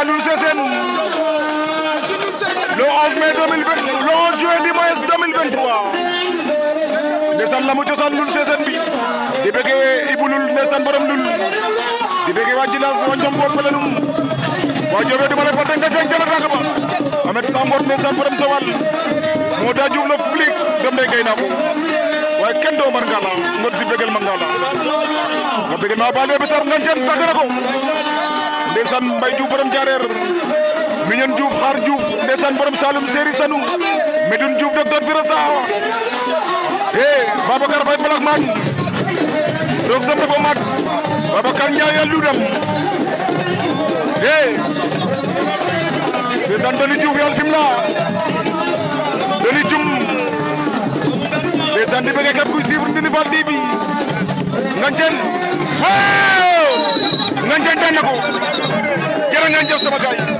अनुसेशन le 11 mai 2020 le 11 juin du moins 2023 ndeysaan la mu cosaan lul seesen bi di bëggee Ibou lul ndeysaan borom lul di bëggee waa Djilass waa Njom Boor Fële Num waa Diop du ma la fàtte nga fekk jëloon naa ko ba Ahmed Samboor ndeysaan borom Sowal moo daa juum la flic dem day gay naa ko waaye kenn doo mën ngaa la ngor si bëggal ma ngaa la nga bëggal ma baal yooyu bisar ngañ seen tàgg na ko ndeysaan Mbaye Diouf borom Jaareer Mignane Diouf Xaar Diouf ndeysaan borom Saloum Séri Sanou Medoune Diouf docteur Firasa eh Babacar Faye Balak Mañ roog sa bopp mat Babacar Ndiaye yàlla lu dem eh ndeysaan Doni Diouf yàlla fim laa Doni Dioum ndeysaan di bëgg képp kuy suivre Ndindy Fall TV Ngagne Sène waaw Ngagne ko ngeen jëf sama gars yi